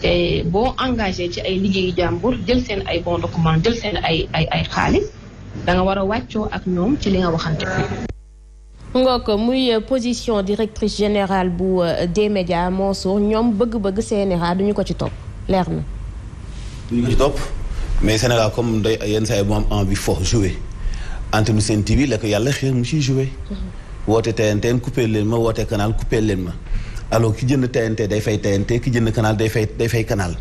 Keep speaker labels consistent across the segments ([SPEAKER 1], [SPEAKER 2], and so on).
[SPEAKER 1] te boo engagé ci ay liggéeyu jàmbur jël seen ay bon document jël seen ay ay ay xaalis da nga war a wàccoo ak ñoom ci li nga waxante ngoo ko muy position directrice générale bu euh, D-Media Mansour ñoom bëgg-bëgg CNRA duñu ko ci topp leer na
[SPEAKER 2] duñu ko ci topp mais CNRA comme day yenn saa yi mu am envie fo jouer entre nu seen TV la yàlla xëy mu ciy jouer mhm. woote TNT coupé leen ma woote canal coupé leen ma alors ki jënd TNT day fay TNT ki jënd canal day fay day fay canal.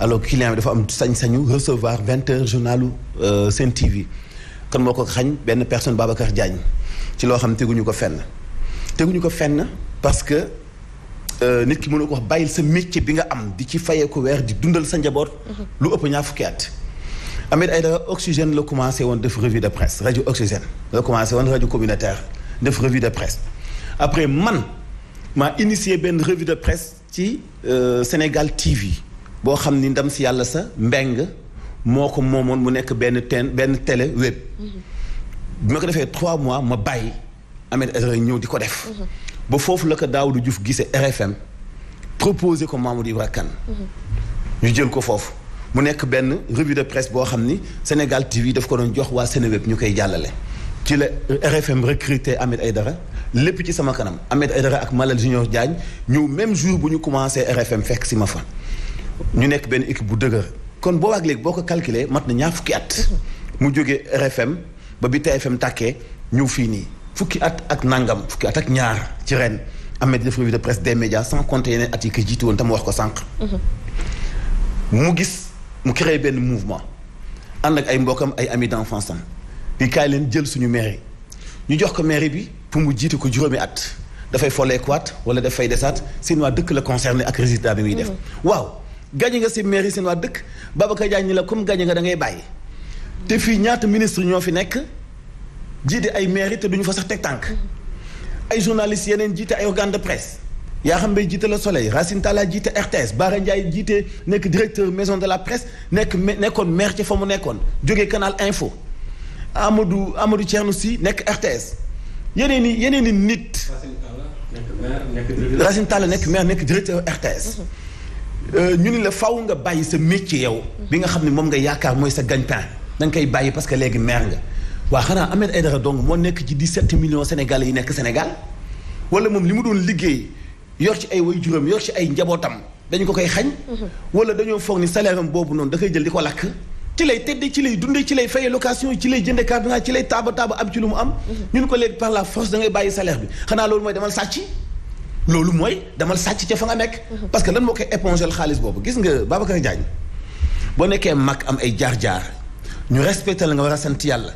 [SPEAKER 2] alors client bi dafa am sañ-sañu recevoir vingt journal euh Sen TV. kan moko xagn ben personne Babacar Diagne ci lo xam teguñu ko fenn teguñu ko fenn parce que euh, nit ki mëna ko wax bayil sa métier bi nga am di ci fayé ko wër di dundal sa njaboot. lu ëpp ñaar Ahmed Oxygène le commencé woon def revue de presse radio Oxygène le commencé woon radio communautaire def revue de presse après man ma initié ben revue de presse ci euh, Sénégal TV bo xamni ndam si yalla sa mbeng moko momone mu nek ben ten benn télé web. Mhm. bi ma ko defee 3 mois ma bàyyi Ahmed Aidara ñëw di ko def. Mhm. ba fofu la ko Daouda Diouf gisee RFM proposé ko Mamadou Ibra Kane
[SPEAKER 1] mhm.
[SPEAKER 2] ñu jël ko fofu mu nek ben revue de presse bo xamni Sénégal TV daf ko don jox wa Sénéweb web ñukay jallalé ci la RFM recruté Ahmed Aidara le ci sama kanam Ahmed Aidara ak Malal Junior Diagne ñëw même jour buñu ñu commencé RFM fekk si ma fa ñu nekk ben équipe bu dëgër kon bo waag léegi boo mat na ñaar fukki at mu joggé RFM ba bi TFM tàkkee ñëw fini. fukki at ak nangam fukki at ak ñaar ci ren Ahmed def revue de presse des médias sans compter yeneen at yi jitu won tam wax ko sànq mhm. mu gis mu créé ben mouvement and ak ay mbokam ay ami d'enfance di kay leen jël suñu mairie ñu jox ko mairie bi pour mu jiite ko juróomi at dafay folleekuwaat wala dafay desaat seen waa dëkk la concerné ak résultat bi muy def mm-hmm. waaw gàñe nga si mairie seen waa dëkk Babacar ka ni la comme gàñe nga da ngay bàyyi te fii ñaata ministre ñoo fi nekk jiite ay mairie te duñu fa sax teg tànk mm-hmm. ay journalistes yeneen jiite ay organe de presse yaa xam bay jiite Le Soleil Racine Talla jiite RTS Bara Ndiaye jiite nekk directeur maison de la presse nekk nekkoon maire ca fa mu nekkoon jógee Canal Info Amadou Amadou Thierno Sy nekk RTS yeneen yi yeneen i nit. Racine Talla nekk maire nekk directeur RTS. Mhm. Euh, ñu ni la faw nga bàyyi sa métier yow. bi nga xam ne moom nga yaakaar mooy sa gagne-pain da nga koy bàyyi parce que léegi maire nga. waa xanaa amee Ahmed Aïdara donc moo nekk ci 17 million sénégalais yi nekk Sénégal wala moom li mu doon liggéey yor ci ay waajuram yor ci ay njabootam dañu ko koy xañ. Mhm. wala dañoo foog ni salaire am boobu noonu da koy jël di ko lakk. ci lay teddee ci lay dundee ci lay fayee location ci lay jënde cardinal ci lay taaba taaba ab ci lu mu am mhm. ñun ko léegi par la force da ngay bàyyi salaire bi xanaa loolu mooy demal sàcc loolu mooy demal sàcc ca fa nga nekk mhm. parce que lan moo koy épongel xaalis boobu gis nga Babacar Diagne boo nekkee mag am ay jaar-jaar ñu respecté la nga war a sant yàlla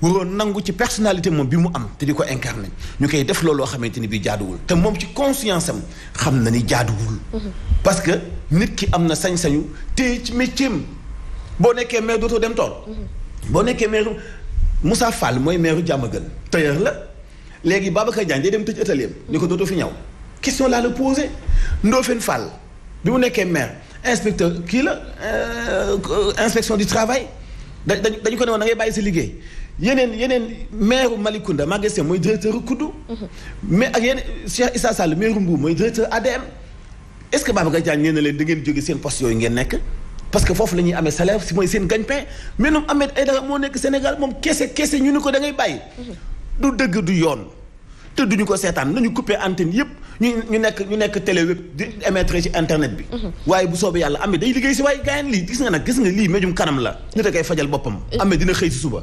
[SPEAKER 2] waroon nangu ci personnalité moom bi mu am te di ko incarné ñu koy def looloo xamante ni bi jaaduwul te moom ci conscience am xam na ni jaaduwul mhm. parce que nit ki am na sañ-sañu te ci métier boo nekkee maire dootoo dem tool. boo nekkee maire Moussa Fall mooy maire Diamaguène tailleur la léegi Babacar Diagne day dem tëj atelier ñu ko dootoo fi ñaw question laa la posé Ndofène Fall bi mu nekkee maire inspecteur kii la euh, inspection du travail da dañu ko ne woon da ngay bàyyi sa liggéey yeneen yeneen maire Malicounda Maguette mooy directeur Kuddu. mais ak yeneen Cheikh a Sall maire Mbour mooy directeur ADM est-ce que Babacar Diagne ngeen ne leen da ngeen jóge seen poste yooyu ngeen nekk. parce que foofu la ñuy amee salaire si mooy seen gagne pe mais ñoom Ahmed Aïdara moo nekk Sénégal moom kese kese ñu ni ko da ngay bàyyi. du dëgg du yoon. te duñu ko seetaan nañu coupé antenne yëpp ñu ñu nekk ñu nekk télé web di émettre ci internet bi. waaye bu soobee yàlla amee day liggéey si waaye gaayen lii gis nga nag gis nga lii méjum kanam la. nit a koy fajal boppam. Ahmed dina xëy si suba.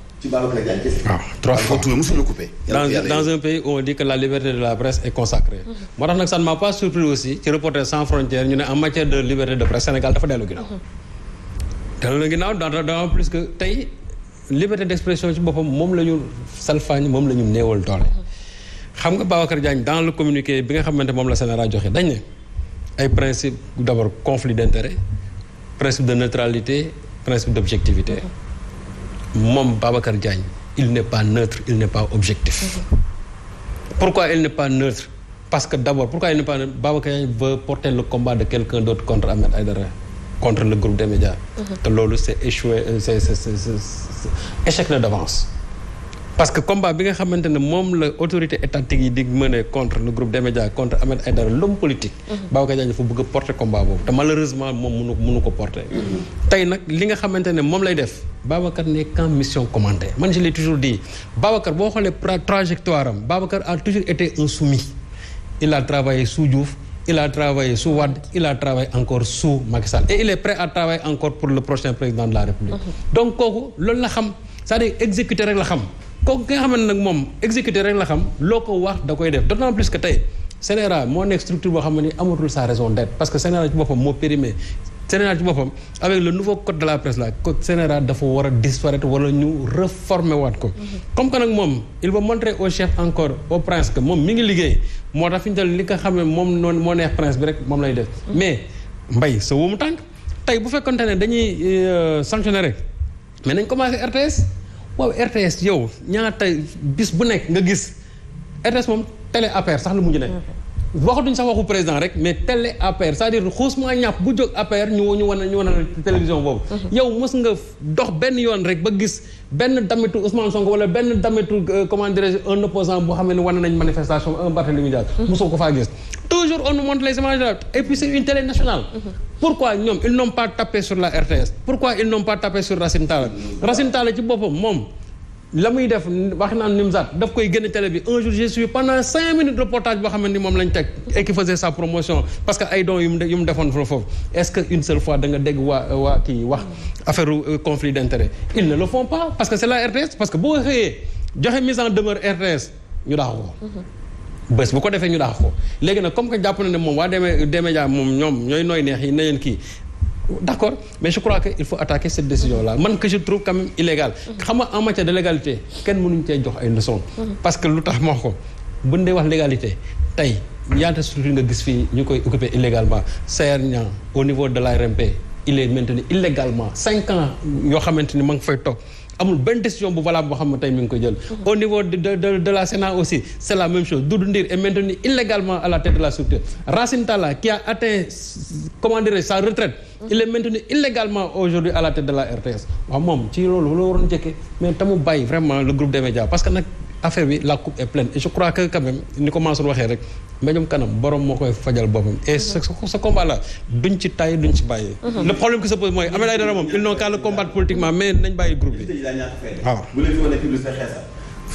[SPEAKER 2] Ah, trois fois
[SPEAKER 3] dans
[SPEAKER 1] e. dans
[SPEAKER 3] un pays où on dit que la liberté de la presse est consacrée. Mhm. Moi, ça ne m'a pas surpris aussi que Reporters sans frontières ñu en matière de liberté de presse Sénégal dafa pas mhm. dans le Guinée. dans le dans plus que La liberté d'expression ci ce moom nous ñu salfaañ moom la ñu néewal doole. Mhm. xam nga Babacar Diagne dans le communiqué bi nga xamante de la Sénégal il dañ a ay principe d'abord conflit d'intérêts, principe de neutralité principe d'objectivité. moom Babacar Diagne il n'est pas neutre il n'est pas objectif mm-hmm. pourquoi il n'est pas neutre parce que d'abord pourquoi il n'est pas neutre Babacar Diagne veut porter le combat de quelqu'un d'autre contre Ahmed Aïdara contre le groupe des médias mm-hmm. te loolu c'est échoué euh, c'est c'est échec na d'avance parce que combat bi nga xamante ne moom la autorité étatique yi di mener contre le groupe des médias contre Ahmed Aïdara l'homme politique mm-hmm. Babacar Diagne dafa bëgg a porter combat boobu te malheureusement moom mënu mënu ko porter tey nag li nga xamante ne moom lay def Babacar n'est qu'un mission commandée Moi, je l'ai toujours dit Babacar on xoolee trajectoire am Babacar a toujours été un soumis il a travaillé sous Diouf il a travaillé sous Wad, il a travaillé encore sous Macky Sall et il est prêt à travailler encore pour le prochain président de la République Mm -hmm. donc ce que je sais. c'est-à-dire exécuter rek la xam kooku ki nga xamante nag moom exécuter rek la xam loo ko wax da koy def d'autant plus que tey CNRA moo nekk structure boo xam ne amatul sa raison d'être parce que CNRA ci boppam moo périmé Sénégal ci boppam avec le nouveau code de la presse là code Sénégal dafa war a disparaître wala ñu réformer waat ko. comme que nag moom il va montrer au chef encore au prince que moom mi ngi liggéey moo tax fi ñu toll li nga xam ne moom noonu moo neex prince bi rek moom lay def. mais mbay sa wu mu tànk tey bu fekkonte ne dañuy euh, sanctionner rek mais nañ commencé RTS waaw RTS yow ñaata bis bu nekk nga gis RTS moom télé affaire sax lu mujj ne waxatuñ sax waxu président rek mais télé APR c'est-à-dire xuusmaa ñap bu jóg APR ñu ñu wan ñu wan a télévision boobu mhm. yow mës nga dox ben yoon rek ba gis ben damitu Ousmane Sonko wala ben damitu euh, comment dire un opposant boo xam ne wane nañ manifestation un Barthélémy Dias mhm. mosoo ko fa gis toujours on nous montre les images là et puis c'est une télé nationale mhm. pourquoi ñom ils n'ont pas tapé sur la RTS pourquoi ils n'ont pas tapé sur Racine Talla Racine Talla ci bopam mom la muy def wax naan Nimzat daf koy génn télé bi un jour j'ai suivi pendant cinq minutes reportage boo xamante ni moom lañ teg et qui faisait sa promotion parce que ay don yu mu yu mu est-ce que une seule fois da nga dégg waa waa kii wax affaire euh, conflit d'intérêt ils ne le font pas parce que c'est la RTS parce que boo xëyee joxe mise en demeure RTS ñu daax ko mm-hmm. bés bu ko defee ñu les ko léegi nag comme que jàpp na ne moom waa médias moom ñoom ñooy nooy neex yi na leen d'accord mais je crois que il faut attaquer cette décision là man que je trouve quand même illégale xam nga légalité kenn mënuñ cee jox ay leçons parce que lu tax moo ko buñ dee wax légalité tey ñaata structure nga gis fii ñu koy occupé illégalement Sayer Niang au niveau de l'ARMP il est maintenu illégalement cinq ans yoo xamante ni ma ngi fay toog amul benn décision bu valable boo xam ne tey mi ko jël au niveau de la Sénat aussi c'est la même chose Doudou Ndir est maintenu illégalement à la tête de la structure Racine Talla qui a atteint comment sa retraite il illégalement aujourd'hui à la tête de la RTS waaw moom ci loolu la waroon njëkkee mais tamu bàyyi vraiment le groupe des médias parce que nag affaire bi la coupe est pleine et je crois que quand ni ko Mansour waxee rek mbéjum kanam borom moo koy fajal boppam et ce ce combat là duñ ci tay duñ ci bàyyi. Mhm. le problème qui se pose mooy Ahmed Aïdara moom ils
[SPEAKER 2] n'ont qu'à le combattre politiquement mais nañ bàyyi groupe bi waaw.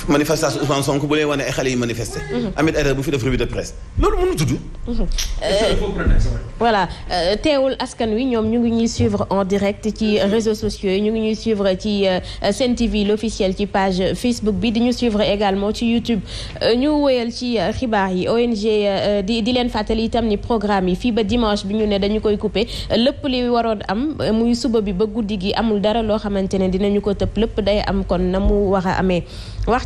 [SPEAKER 2] manifestation Ousmane Sonko bu lay wone ay xale yi manifester. Mhm. amit erreur bu fi def revue de presse
[SPEAKER 1] loolu mënu tudd. Mhm. Euh, voilà euh, teewul askan wi ñoom ñu ngi ñuy suivre en direct ci mhm. réseaux sociaux ñu ngi ñuy suivre ci euh, Sen TV l'officiel ci page Facebook bi di ñu suivre également ci YouTube ñu wëyal ci xibaar yi ONG di di leen fàttali itam ni programme yi fii ba dimanche bi ñu ne dañu koy couper lépp li waroon am muy suba bi ba guddi gi amul dara loo xamante ne dinañu ko tëb lépp day am kon na mu war a amee wax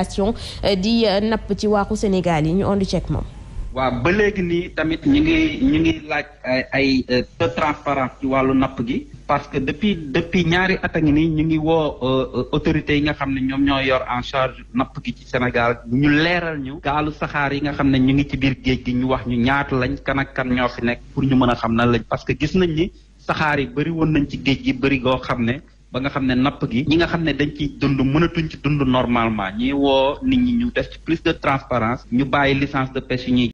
[SPEAKER 1] population euh, di euh, napp ci waaxu Sénégal yi ñu ondu ceek moom
[SPEAKER 3] waaw ba léegi nii tamit ñu ngi ñu ngi laaj ay ay euh, transparence ci wàllu napp gi parce que depuis depuis ñaari at a ngi nii ñu ngi woo autorités yi nga xam ne ñoom ñoo yor en charge napp gi ci Sénégal ñu leeral ñu gaalu saxaar yi nga xam ne ñu ngi ci biir géej gi ñu wax ñu ñaata lañ kan ak kan ñoo fi nekk pour ñu mën a xam na lañ parce que gis nañ ni saxaar yi bëri woon nañ ci géej gi bëri goo xam ne ba nga xam ne napp gi ñi nga xam ne dañ ciy dund mënatuñ ci dund normalement ñi woo nit ñi ñu def ci plus de transparence ñu bàyyi licence de pêche yi ñuy